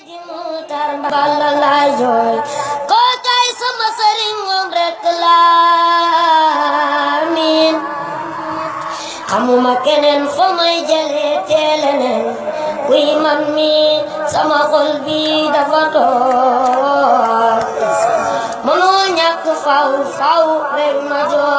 di mutar Balla laay jooy koo kay sama sëriñ moom rekk laa miin fa may jëlee teeleneen kuy man mi sama xol bi dafa toog mënoo ñàkk faw faw rekk ma jooy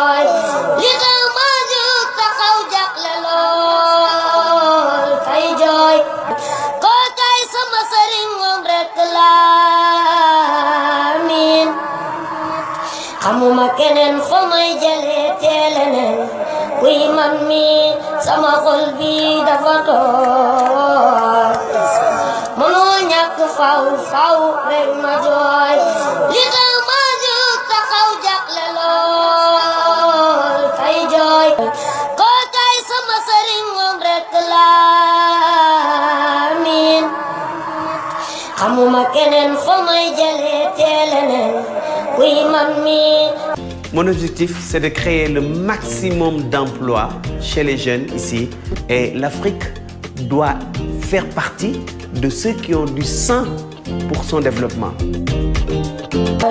Samu makenen xamay jale teelenen kuy man mi sama xol bi dafa tooy mënoo ñàkk faw faw rek ma jooy li tax ma jóg taxaw jàqle lool fay jooy Mon objectif, c'est de créer le maximum d'emplois chez les jeunes ici. Et l'Afrique doit faire partie de ceux qui ont du sang pour son développement. Euh,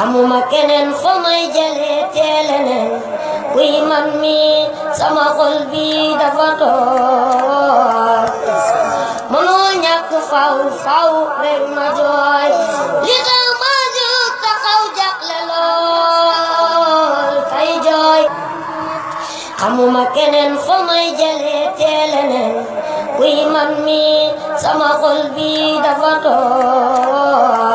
xamuma keneen fu may jëlee teeleneen kuy man mi sama xol bi dafa toor mënoo ñàkk faw faw rek ma jooy li tax ma jóg taxaw jàqle lool fay jooy xamuma keneen fu may jëlee teeleneen man mi sama xol bi dafa